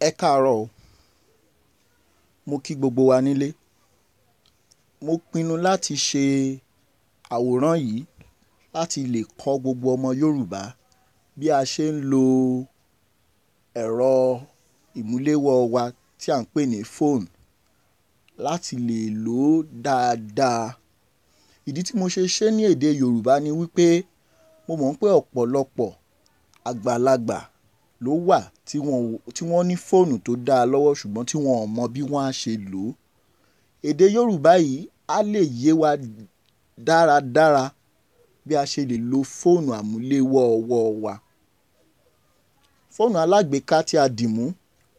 ẹ káàárọ̀ o mo kí gbogbo wa nílé mo pinnu láti ṣe àwòrán yìí láti lè kọ́ gbogbo ọmọ yorùbá bí a ṣe ń lo ẹ̀rọ ìmúléwọ́ wa tí à ń pè ní fóònù láti lè lò ó dáadáa ìdí tí mo ṣe ṣe ní èdè yorùbá ni wípé mo mọ̀ pé ọ̀pọ̀lọpọ̀ àgbàlagbà ló wà tí wọ́n ní fóònù tó dáa lọ́wọ́ ṣùgbọ́n tí wọn ò mọ bí wọ́n á ṣe lò ó. èdè yorùbá yìí á lè yé wa dáradára bí a ṣe lè lo fóònù àmúléwọ́ ọwọ́ wa. fóònù alágbèéká tí a dì mú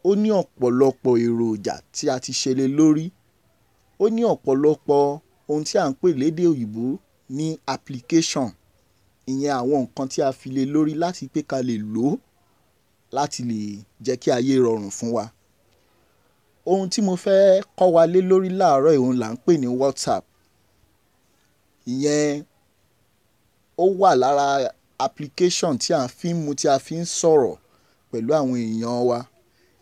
ó ní ọ̀pọ̀lọpọ̀ èròjà tí a ti ṣe lé lórí ó ní ọ̀pọ̀lọpọ̀ ohun tí à ń pè lédè òyìnbó ní application ìyẹn àwọn nǹkan tí a fi lé lórí láti pé ká lè lò ó láti lè jẹ́ kí ayé rọrùn fún wa. ohun tí mo fẹ́ kọ́ wa lé lórí láàárọ̀ òun là ń pè ní WhatsApp ìyẹn ó wà lára application tí a fi ń mu tí a fi ń sọ̀rọ̀ pẹ̀lú àwọn èèyàn wa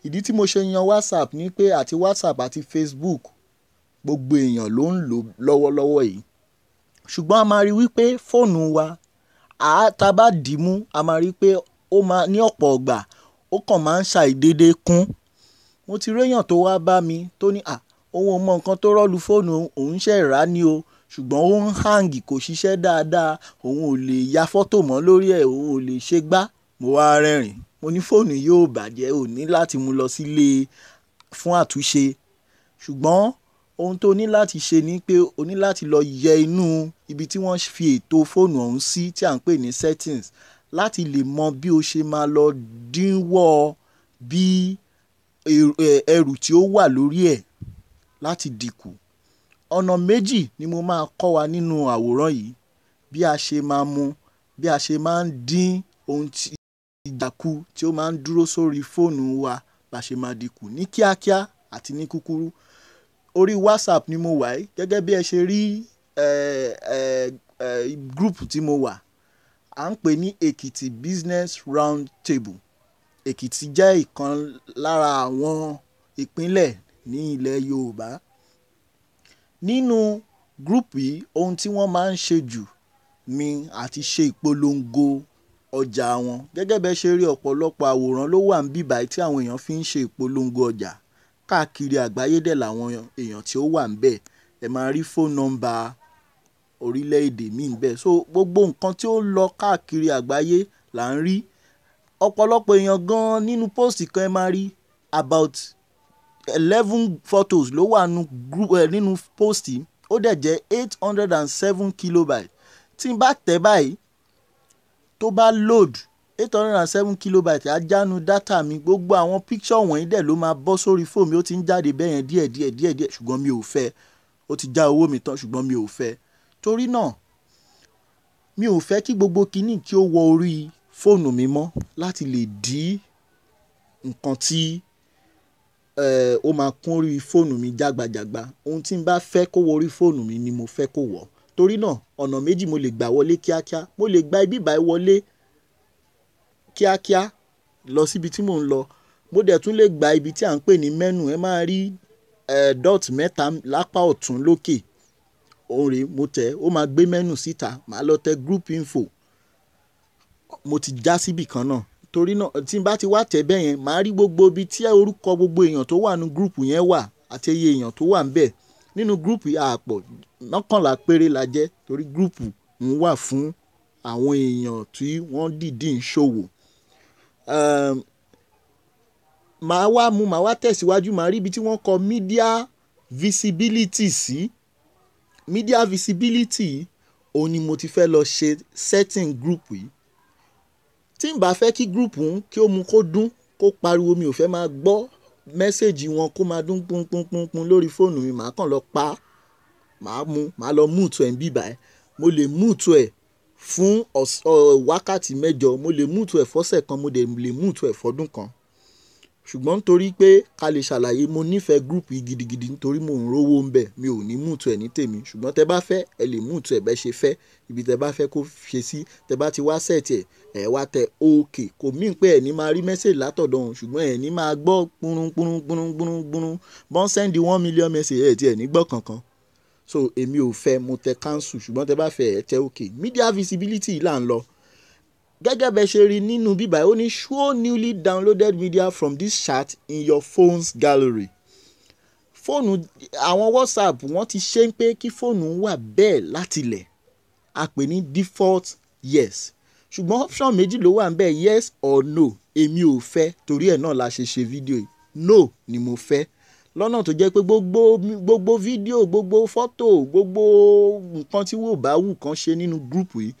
ìdí tí mo ṣe yan WhatsApp ni pé àti WhatsApp àti Facebook gbogbo èèyàn ló ń lò lọ́wọ́lọ́wọ́ yìí ṣùgbọ́n a máa rí wípé fóònù wa àá tá a bá dì í mú a máa rí pé ó máa ní ọ̀pọ̀ ọgbà ó kàn máa ń ṣàìdédé kún mo ti réèyàn tó wáá bá mi tó ní à òun ò mọ nǹkan tó rọ́ọ̀lù fóònù òun ṣe rà ni o ṣùgbọ́n ó ń hàǹgì kò ṣiṣẹ́ dáadáa òun ò lè ya fọ́tò mọ́ lórí ẹ̀ òun ò lè ṣe gbá mo wá rẹ́rìn mo ní fóònù yóò bàjẹ́ ò ní láti mú lọ sílé fún àtúnṣe ṣùgbọ́n ohun tó ní láti ṣe ni pé o ní láti lọ yẹ inú ibi tí wọ́n fi ètò fóònù ọ̀hún sí tí à ń pè ní settings láti lè mọ bí o ṣe máa lọ dínwọ́ bí ẹrù tí ó wà lórí ẹ̀ láti dínkù ọ̀nà méjì ni mo máa kọ́ wa nínú àwòrán yìí bí a ṣe máa mú bí a ṣe máa ń dín ohun tí ìjàkú tí ó máa ń dúró sórí fóònù wa bá ṣe máa dínkù ní kíákíá àti ní kúkúrú orí WhatsApp ni mo wà yìí gẹ́gẹ́ bí ẹ ṣe rí group tí mo wà à ń pè ní Èkìtì Business Round Table Èkìtì jẹ́ ìkan lára àwọn ìpínlẹ̀ ní ilẹ̀ Yorùbá nínú gúrúùpù yìí ohun tí wọ́n máa ń ṣe jù ni àti ṣe ìpolongo ọjà wọn gẹ́gẹ́ bẹ́ẹ̀ ṣe rí ọ̀pọ̀lọpọ̀ àwòrán ló wà níbí báyìí tí àwọn èèyàn fi ń ṣe ìpolongo ọjà káàkiri àgbáyé dẹ̀ làwọn èèyàn tí ó wà níbẹ̀ ẹ máa rí fóònù nọ́mbà orílẹ̀-èdè míì bẹ́ẹ̀ so gbogbo nǹkan tí ó ń lọ káàkiri àgbáyé là ń rí ọ̀pọ̀lọpọ̀ èèyàn gan-an nínú póòsì kan ẹ máa rí about eleven photos ló wà nínú póòsì eh, ó dẹ̀ jẹ́ eight hundred and seven kilobyte tí n bá tẹ̀ báyìí tó bá load eight hundred and seven kilobyte ajánu data mi gbogbo àwọn picture wọ̀nyí dẹ̀ ló máa bọ́ sórí fóònù mi ó ti ń jáde bẹ́yẹn díẹ̀díẹ̀ díẹ̀díẹ̀ ṣùgbọ́n mi ò fẹ́ ó ti já owó mi tán ṣùgbọ́n mi ò fẹ́ torí náà mi ò fẹ́ kí gbogbo kinní kí ó wọ orí fóònù mi mọ́ láti lè dí nǹkan tí ó máa kún orí fóònù mi jágbajàgba ohun tí n bá fẹ́ kó wọ orí fóònù mi ni mo fẹ́ kó wọ̀ torí náà ọ̀nà méjì mo lè gbà wọlé kíákíá mo lè gba ibi ìbáyìí wọlé kíákíá lọ síbi tí mò ń lọ mo dẹ̀ tún lè gba ibi tí à ń pè ní mẹ́nu ẹ máa rí dot mẹ́ta lápá ọ̀tún lókè orí mo tẹ̀ ó máa gbé mẹ́nù síta màá lọ tẹ group info mo ti já síbì kan náà torí náà tí n bá ti wá tẹ̀ bẹ́ẹ̀ yẹn màá rí gbogbo ibi tí orúkọ gbogbo èèyàn tó wà nínú group yẹn wà àti iye èèyàn tó wà ń nínú group àpọ̀ mọ́kànlá péré la jẹ́ torí group ń wà fún àwọn èèyàn tí wọ́n dìídì ń ṣòwò ehm, màá wá mú màá wá tẹ̀síwájú màá rí ibi tí wọ́n kọ media visibility sí. Si media visibility òun ni mo ti fẹ́ lọ ṣe setting group yìí tí n bá fẹ́ kí group ń kí ó mu kó dún kó pariwo mi ò fẹ́ máa gbọ́ mẹ́sẹ̀gì wọn kó máa dún punpunpunpun lórí fóònù mi màá kàn lọ pa màá mu màá lọ múùtù ẹ̀ ń bíbà ẹ̀ mo lè múùtù ẹ̀ fún wákàtí mẹ́jọ mo lè múùtù ẹ̀ fọ́sẹ̀ kan mo lè múùtù ẹ̀ fọ́dún kan ṣùgbọ́n nítorí pé ká lè ṣàlàyé mo nífẹ̀ẹ́ group yìí gidigidi nítorí mo ń rówó ń bẹ̀ mi ò ní múùtù ẹ̀ ní tèmi ṣùgbọ́n tẹ bá fẹ́ ẹ lè múùtù ẹ̀ bẹ́ ṣe fẹ́ ibi tẹ bá fẹ́ kó ṣe sí tẹ bá ti wá sẹ̀tì ẹ̀ ẹ̀ wá tẹ ok kò mí pé ẹ̀ ní máa rí mẹ́sẹ̀jì látọ̀dọ̀ òun ṣùgbọ́n ẹ̀ ní máa gbọ́ gbúrún bọ́n sẹ́ndì one million message ẹ̀ tí ẹ̀ ní gbọ́ kankan so èmi ò fẹ́ mo tẹ cancel ṣùgbọ́n tẹ bá fẹ́ ẹ ok media visibility là ń lọ gẹ́gẹ́ bẹ́ẹ̀ ṣe rí nínú bíbá ó ní show newly downloaded media from this chat in your phone's gallery fóònù àwọn whatsapp wọ́n ti ṣe pé kí fóònù wà bẹ́ẹ̀ látilẹ̀ a pè ní default yes ṣùgbọ́n option méjì ló wà níbẹ̀ yes or no èmi ò fẹ́ torí ẹ̀ náà la ṣe ṣe fídíò yìí no ni mo fẹ́ lọ́nà tó jẹ́ pé gbogbo gbogbo fídíò gbogbo fọ́tò gbogbo nǹkan tí wò bá wù kán ṣe nínú gúrùpù yìí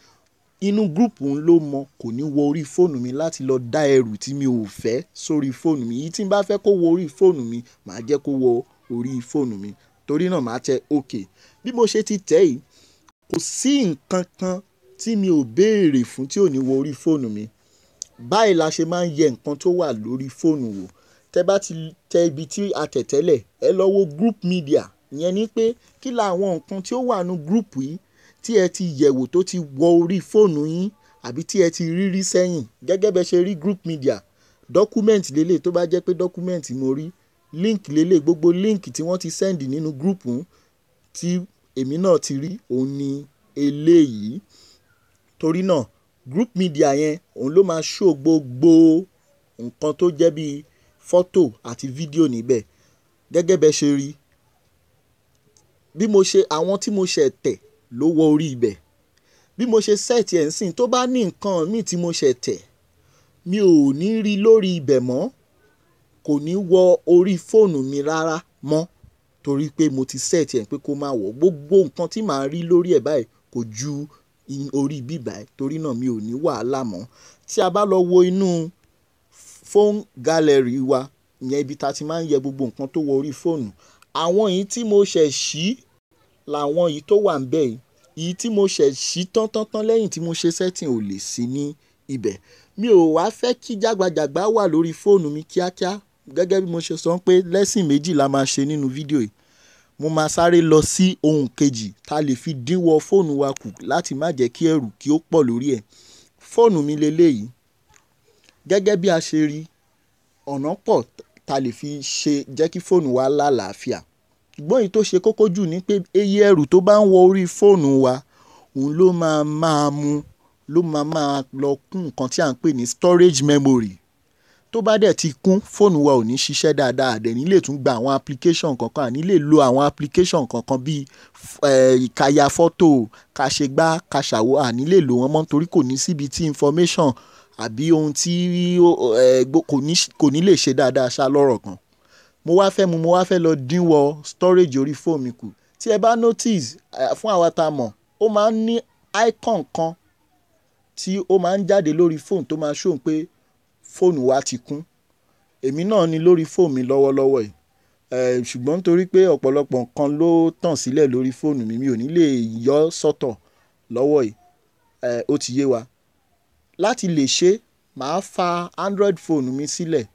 inú gúrùpù ń lọ mọ kò ní wọ orí fóònù mi láti lọ dá ẹrù tí mi ò fẹ́ sórí fóònù mi yìí tí n bá fẹ́ kó wọ orí fóònù mi màá jẹ́ kó wọ orí fóònù mi torí náà màá tẹ ok bí mo ṣe ti tẹ̀ yìí kò sí nǹkan kan tí mi ò béèrè fún tí ò ní wọ orí fóònù mi báyìí la ṣe máa ń yẹ nǹkan tó wà lórí fóònù wò tẹ́ bá ti tẹ ibi tí a tẹ̀ tẹ́lẹ̀ ẹ lọ wo group media ìyẹn ni pé kí la àwọn nǹkan tí ó wà nínú group yìí tí ẹ ti yẹ̀wò tó ti wọ orí fóònù yín àbí tí ẹ ti rí rí sẹ́yìn gẹ́gẹ́ bẹ́ẹ̀ ṣe rí group media document lélẹ̀ tó bá jẹ́ pé document mo rí link lélẹ̀ gbogbo link tí wọ́n ti send nínú group un tí èmi náà ti rí òun ni eléyìí torí náà group media yẹn òun ló máa show gbogbo nǹkan tó jẹ́ bíi fọ́tò àti fídíò níbẹ̀ gẹ́gẹ́ bẹ́ẹ̀ ṣe rí bí mo ṣe àwọn tí mo ṣe tẹ̀ ló wọ orí ibẹ̀ bí mo ṣe sẹ́ẹ̀tì ẹ̀ ń sìn tó bá ní nǹkan míì tí mo ṣẹ̀ tẹ̀ mi ò ní rí lórí ibẹ̀ mọ́ kò ní wọ orí fóònù mi rárá mọ́ torí pé mo ti sẹ́ẹ̀tì ẹ̀ pé kó má wọ̀ gbogbo nǹkan tí màá rí lórí ẹ̀ báyìí kò ju orí bíbá ẹ̀ torí náà mi ò ní wàhálà mọ́ tí a bá lọ wo inú phone gallery wa ìyẹn ibi tá ti máa ń yẹ gbogbo nǹkan tó wọ orí fóònù àwọn èyí tí mo ṣẹ̀ ṣí làwọn yìí tó wà ń bẹ̀ yìí èyí tí mo ṣẹ̀ sí tán-tán-tán lẹ́yìn tí mo ṣe setting ò lè sí ní ibẹ̀ mi ò wá fẹ́ kí jágbajàgba wà lórí fóònù mi kíákíá gẹ́gẹ́ bí mo ṣe sọ pé lẹ́sìn méjì la máa ṣe nínú fídíò yìí mo máa sáré lọ sí ohun kejì tá lè fi dínwọ́ fóònù wa kù láti má jẹ́ kí ẹ̀rù kí ó pọ̀ lórí ẹ̀ fóònù mi leléyìí gẹ́gẹ́ bí a ṣe rí ọ̀nà pọ̀ tá lè fi ṣe jẹ́ kí fóònù wa lálàáfíà ṣùgbọ́n èyí tó ṣe kókó jù ni pé eye ẹrù tó bá ń wọ orí fóònù wa òun ló máa máa mu ló máa máa lọ kún nǹkan tí à ń pè ní storage memory tó bá dẹ̀ ti kún fóònù wa ò ní ṣiṣẹ́ dáadáa àdẹ̀ní lè tún gba àwọn application kankan àní lè lo àwọn application kankan bíi ìkàyà fọ́tò kàṣegbá kàṣàwò àní lè lò wọ́n mọ́ nítorí kò ní síbi tí information àbí ohun tí kò ní lè ṣe dáadáa ṣá lọ́rọ̀ kan mo wá fẹ́ mu mo wá fẹ́ lọ dínwọ storage orí fóònù mi kù tí ẹ bá notice fún àwa tá a mọ̀ ó máa ń ní icon kan tí ó máa ń jáde lórí fóònù tó máa ṣóhun pé fóònù wa ti kún èmi náà ni lórí fóònù mi lọ́wọ́lọ́wọ́ yìí ṣùgbọ́n nítorí pé ọ̀pọ̀lọpọ̀ nǹkan ló tàn sílẹ̀ lórí fóònù mi mi ò ní lè yọ sọ́tọ̀ lọ́wọ́ yìí ó ti yé wa láti lè ṣe màá fa android fóònù mi sílẹ̀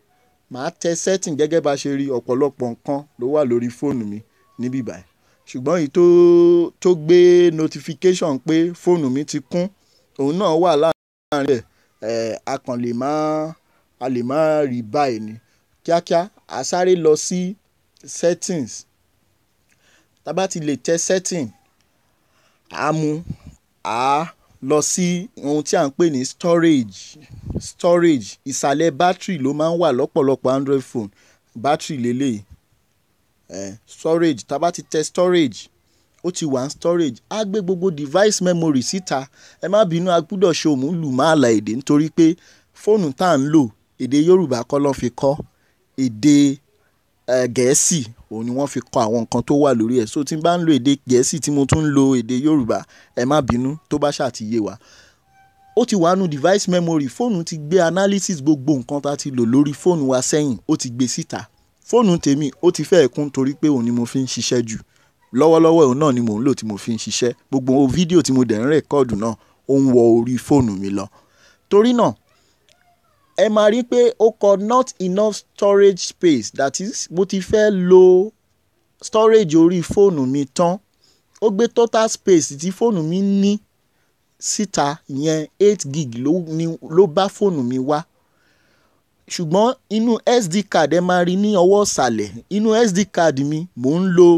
Màá tẹ setting gẹ́gẹ́ bá ṣe rí ọ̀pọ̀lọpọ̀ nǹkan ló wà lórí fóònù mi níbí báyìí. Ṣùgbọ́n èyí tó, gbé notification pé fóònù mi ti kún, òun náà wà láàárín rẹ̀. Ehn, lè máa, lè máa rí báyìí ni. Kíákíá, a sáré lọ sí settings. Tí a bá ti lè tẹ setting, a mú, a lọ sí ohun tí à ń pè ní storage storage ìsàlẹ̀ battery ló máa ń wà lọ́pọ̀lọpọ̀ android phone battery lélẹ́yìí eh storage tá a ti tẹ storage ó ti wà ní storage á gbé gbogbo device memory síta ẹ má bínú a gbúdọ̀ ṣe òmùlù má la èdè nítorí pé fóònù tá à ń lò èdè yorùbá kọ́ ló fi kọ́ èdè Eh, gẹ̀ẹ́sì òun ni wọ́n fi kọ àwọn nǹkan tó wà lórí ẹ̀ so tí n bá ń lo èdè gẹ̀ẹ́sì tí mo tún ń lo èdè yorùbá ẹ má bínú tó bá ṣáà ti yé wa ó ti wà nù device memory fóònù ti gbé analysis gbogbo nǹkan tá a ti lò lórí fóònù wa sẹ́yìn ó ti gbé síta fóònù tèmi ó ti fẹ́ẹ̀ kún torí pé òun ni mo fi ń ṣiṣẹ́ jù lọ́wọ́lọ́wọ́ òun náà ni mò ń lò tí mo fi ń ṣiṣẹ́ gbogbo fídíò tí mo dẹ̀ ń rẹ̀kọ́ọ̀dù náà ó ń wọ orí fóònù mi lọ torí náà ẹ máa rí i pé ó kọ not enough storage space that is mo ti fẹ́ lo storage orí fóònù mi tán ó gbé total space tí fóònù mi ní síta ìyẹn eight gig ló bá fóònù mi wá ṣùgbọ́n inú sd card ẹ máa rí ní ọwọ́ ìsàlẹ̀ inú sd card mi mò ń lo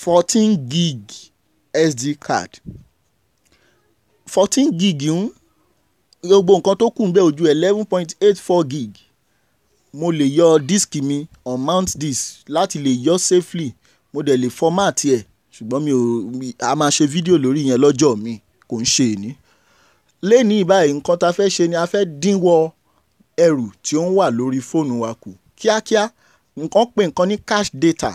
fourteen gig sd card fourteen gig ń gbogbo nǹkan tó kù ń bẹ ojú eleven point eight four gig mo lè yọ díìskì mi unmount disk láti lè yọ safely mo dẹ̀ lè format ẹ̀ ṣùgbọ́n mi ò a máa ṣe fídíò lórí yẹn lọ́jọ́ mi kò ń ṣe èní. lẹ́ni ìbáyìí nǹkan ta fẹ́ ṣe ni a fẹ́ dínwọ́ ẹrù tí ó ń wà lórí fóònù wa kù kíákíá nǹkan pè nǹkan ní cash data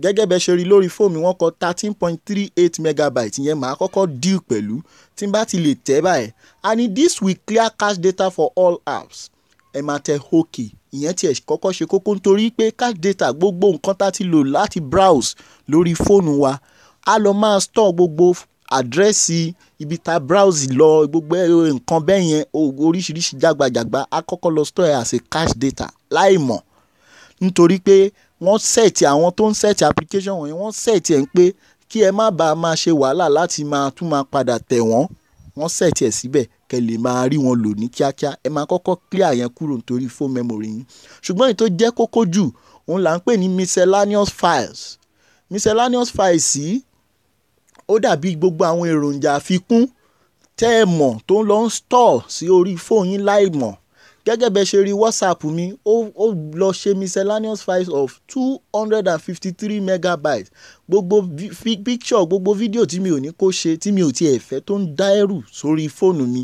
gẹ́gẹ́ bẹ́ ṣe rí lórí fóònù mi wọ́n kọ thirteen point three eight megabyte ìyẹn màá kọ́kọ́ deal pẹ̀lú tí n bá ti lè tẹ̀ báyẹn and this will clear cache data for all apps ẹ máa tẹ ok ìyẹn tiẹ̀ kọ́kọ́ ṣe kókó nítorí pé cache data gbogbo nǹkan tá ti lò láti browse lórí fóònù wa a lọ máa store gbogbo àdírẹ́sì ibi tá browse lọ gbogbo nǹkan bẹ́ẹ̀ yẹn oríṣiríṣi jágbajàgba a kọ́kọ́ lọ store as a cache data láì mọ̀ nítorí pé wọ́n sẹ̀tì àwọn tó ń sẹ̀tì application wọ̀nyí wọ́n sẹ̀tì ẹ̀ ń pé kí ẹ má bàa máa ṣe wàhálà láti máa tún máa padà tẹ̀ wọ́n wọ́n sẹ̀tì ẹ̀ síbẹ̀ kẹ́ lè máa rí wọn lò ní kíákíá ẹ máa kọ́kọ́ clear yẹn kúrò nítorí phone memory yín ṣùgbọ́n èyí tó jẹ́ kókó jù òun là ń pè ní miscellaneous files miscellaneous files yìí ó dàbí gbogbo àwọn èròjà àfikún tẹ́ ẹ mọ̀ tó ń lọ ń store sí orí fóònù yín láì mọ̀ gẹ́gẹ́ bẹ́ ẹ ṣe rí whatsapp mi ó lọ ṣe miscellaneous files of two hundred and fifty three megabytes gbogbo picture gbogbo fídíò tí mi ò ní kó ṣe tí mi ò tiẹ̀ fẹ́ tó ń dá ẹrù sórí fóònù mi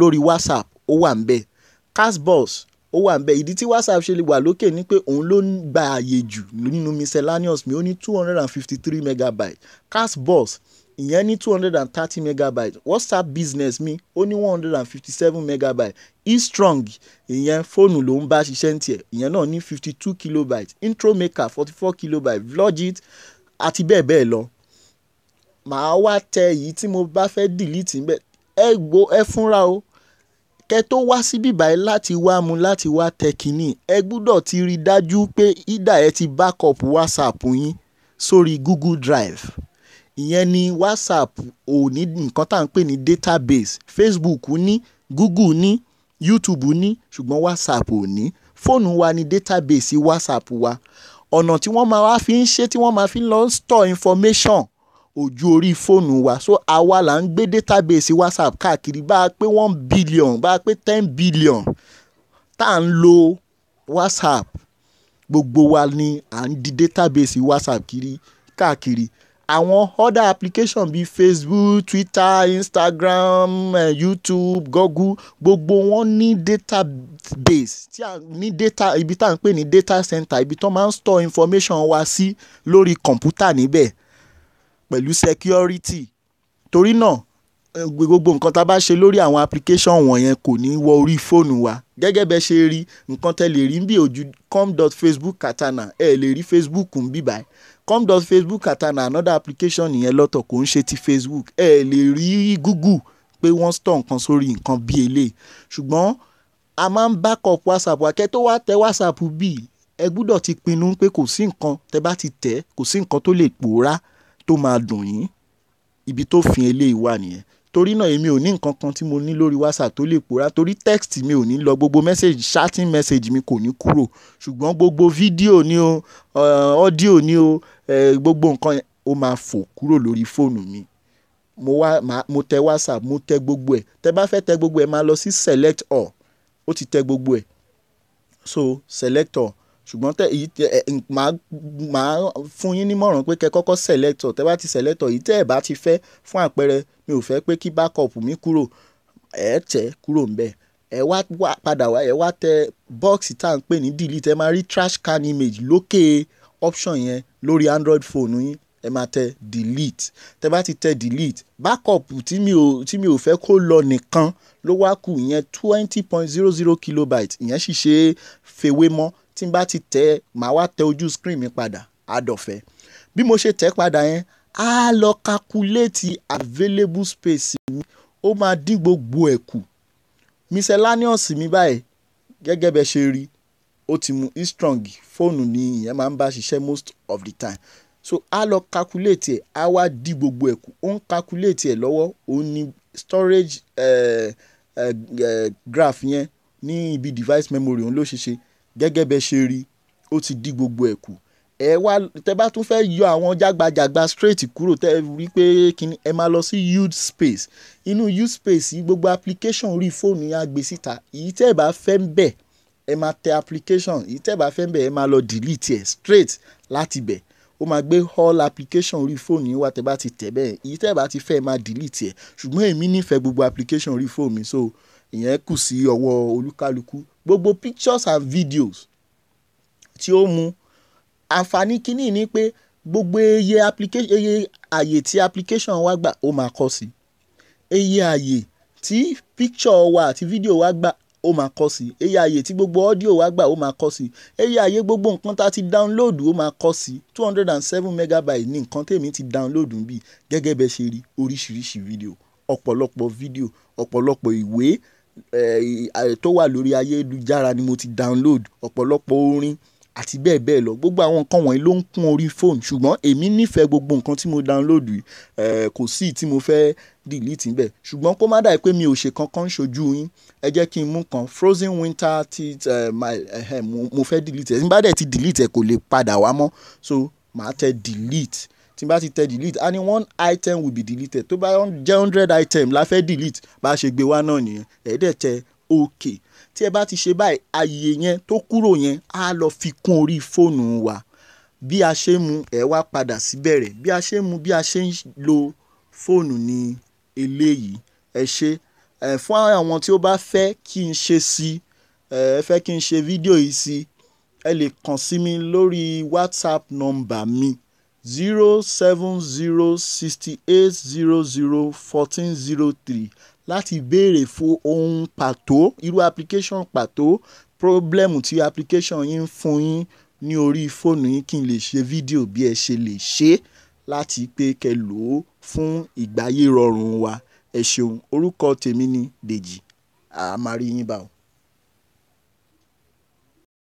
lórí whatsapp ó wà ń bẹ̀ castbox ó wà nbẹ ìdí tí whatsapp ṣe lè wà lókè ni pé òun ló ń gba àyè jù nínú miscellaneous mi ó ní two hundred and fifty three megabytes castbox ìyẹn ní two hundred and thirty megabytes. whatsapp business mi ó ní one hundred and fifty seven megabyte estrong ìyẹn fóònù ló ń bá ṣiṣẹ́ ń tiẹ̀ ìyẹn náà ní fifty two kilobyte intromaker forty four kilobytes. vlogit àti bẹ́ẹ̀ bẹ́ẹ̀ lọ màá wá tẹ èyí tí mo bá fẹ́ delete níbẹ̀ ẹ gbọ́ ẹ fúnra o kẹ tó wá síbí báyìí láti wá mu láti wá tẹ kínní ẹ gbúdọ̀ ti rí i dájú pé ida ẹ ti backup whatsapp yín sórí google drive ìyẹn ni whatsapp ò ní nǹkan tá à ń pè ní database facebook ní google ní youtube ní ṣùgbọ́n whatsapp ò ní fóònù wa ni database whatsapp wa ọ̀nà tí wọ́n máa fi ń ṣe tí wọ́n máa fi lọ store information ojú orí fóònù wa so àwa là ń gbé database whatsapp káàkiri bá a pé one billion bá a pé ten billion tá à ń lo whatsapp gbogbo wa ni à ń di database whatsapp kiri káàkiri àwọn other application bíi facebook twitter instagram eh, youtube google gbogbo wọn ní database tí a ní data ibi tá à ń pè ní data center ibi tó máa ń store information wa sí lórí kọ̀ǹpútà níbẹ̀ pẹ̀lú security torí náà eh, gbogbo nǹkan tá a bá ṣe lórí àwọn application wọ̀nyẹn kò ní wọ orí fóònù wa gẹ́gẹ́ bẹ́ẹ̀ ṣe rí nǹkan tẹ́ lè rí bí ojú com.facebook katana ẹ lè rí facebook ń bíbáyìí comdot facebook àtànà another application ìyẹn lọ́tọ̀ kò ń ṣe ti facebook ẹ eh, lè rí google pé wọ́n store nǹkan sórí nǹkan bíi eléyìí ṣùgbọ́n a máa ń backup whatsapp wa kẹ́ tó wá tẹ whatsapp bíi ẹ gbúdọ̀ ti pinnu pé kò sí nǹkan tẹ bá ti tẹ̀ kò sí nǹkan tó lè pòórá tó máa dùn yín ibi tó fin eléyìí wà nìyẹn torí náà èmi ò ní nǹkan kan tí mo ní lórí whatsapp tó lè pòórá torí text mi ò ní lọ gbogbo message chatting message mi kò ní kúrò ṣùgbọ́n gbogbo fídíò ni o ọ́díò eh, ni o eh, gbogbo nǹkan ó máa fò kúrò lórí fóònù mi mo wá mo tẹ whatsapp mo tẹ gbogbo ẹ̀ tẹ bá fẹ́ tẹ gbogbo ẹ̀ máa lọ sí select all ó ti tẹ gbogbo ẹ̀ so select all ṣùgbọ́n tẹ èyí tẹ ẹ màá màá fún yín nímọ̀ràn pé kẹ kọ́kọ́ sẹ̀lẹ́tọ̀ tẹ bá ti sẹ̀lẹ́tọ̀ yìí tẹ ẹ bá ti fẹ́ fún àpẹẹrẹ mi ò fẹ́ pé kí backup mi kúrò ẹ tẹ kúrò ńbẹ̀ ẹ wá padà wá ẹ wá tẹ bọ́ọ̀sì tá à ń pè ní delete ẹ máa rí trash can image lókè option yẹn lórí android phone yín ẹ máa tẹ delete tẹ bá ti tẹ delete backup tí mi ò tí mi ò fẹ́ kó lọ nìkan ló wá kù ìyẹn twenty point zero zero kilobyte ìyẹn sì ṣe é fewé mọ́ tí n bá ti tẹ̀ màá wá tẹ ojú screen mi padà àdọ̀fẹ́ bí mo ṣe tẹ̀ padà yẹn á lọ calculate available space mi ó máa dín gbogbo ẹ̀ kù miscellaneous mi báyìí gẹ́gẹ́ bẹ́ẹ̀ ṣe rí ó ti mu e-strong fóònù ni ìyẹn máa ń bá ṣiṣẹ́ most of the time so á lọ calculate ẹ̀ á wá dí gbogbo ẹ̀ kù ó ń calculate ẹ̀ lọ́wọ́ ó ní storage uh, uh, uh, graph yẹn ní ibi device memory òun ló ṣe ṣe gẹ́gẹ́ bẹ́ ṣe rí ó ti dí gbogbo ẹ̀ kù ẹ wá tẹ bá tún fẹ́ yọ àwọn jágbajàgba straight kúrò tẹ rí pé kíni ẹ máa lọ sí youth space inú youth space yìí gbogbo application orí fóònù yẹn á gbé síta èyí tẹ́ bá fẹ́ ń bẹ̀ ẹ máa tẹ application èyí tẹ́ ẹ bá fẹ́ ń bẹ̀ ẹ máa lọ delete ẹ̀ straight láti bẹ̀ ó máa gbé all application orí fóònù yín wá tẹ bá ti tẹ̀ bẹ́ẹ̀ èyí tẹ́ bá ti fẹ́ ẹ máa delete ẹ̀ ṣùgbọ́n èmi nífẹ̀ẹ́ gbogbo application orí fóònù mi so ìyẹn kù sí ọwọ́ olúkálukú gbogbo pictures and videos tí ó mú àǹfààní kínní ni pé gbogbo eye application eye àyè tí application wa gbà ó máa kọ sí eye àyè tí picture wa àti video wa gbà ó máa kọ sí eye àyè tí gbogbo audio wa gbà ó máa kọ sí eye àyè gbogbo nǹkan tá a ti download ó máa kọ sí two hundred and seven megabyte ní nǹkan tèmi ti download ń bì gẹ́gẹ́ bẹ́ẹ̀ ṣe rí oríṣiríṣi video ọ̀pọ̀lọpọ̀ video ọ̀pọ̀lọpọ̀ ìwé Eh, tó wà lórí ayélujára ni mo ti download ọ̀pọ̀lọpọ̀ orin àti bẹ́ẹ̀ bẹ́ẹ̀ lọ gbogbo àwọn nǹkan wọ̀nyí ló ń kún orí fóònù ṣùgbọ́n èmi nífẹ̀ẹ́ gbogbo nǹkan tí mo download ẹ̀ eh, kò sí tí mo fẹ́ delete níbẹ̀ ṣùgbọ́n kó má dàí pé mi ò ṣe kankan ṣojú yín ẹ jẹ́ kí n mú kan frozen winter ti eh, mo fẹ́ delete ẹ̀ nígbà dẹ̀ ti delete ẹ̀ kò lè padà wá mọ́ so màá tẹ delete tí n bá ti tẹ delete a ní one item will be deleted tó bá jẹ́ hundred item la fẹ́ delete bá a ṣe gbé wá náà nìyẹn ẹ̀ẹ́dẹ̀ tẹ ok tí ẹ bá ti ṣe báyìí àyè yẹn tó kúrò yẹn á lọ fi kún orí fóònù wa bí a ṣe mu ẹ wá padà sí bẹ̀rẹ̀ bí a ṣe mu bí a ṣe ń lo fóònù ní eléyìí ẹ ṣe ẹ fún àwọn tí ó bá fẹ́ kí n ṣe sí ẹ fẹ́ kí n ṣe fídíò yìí sí ẹ lè kàn sí mi lórí whatsapp nọ́mbà mi 0244 zero seven zero sixty eight zero zero fourteen zero three láti béèrè fún ohun pàtó irú application pàtó pírọ́blẹ́mù tí application yín ń fún yín ní orí fóònù yín kí n lè ṣe fídíò bí ẹ ṣe lè ṣe é láti pé kẹ lò ó fún ìgbáyé rọrùn wa ẹ ṣeun orúkọ tèmi ni Dèjì àmàrí yín bá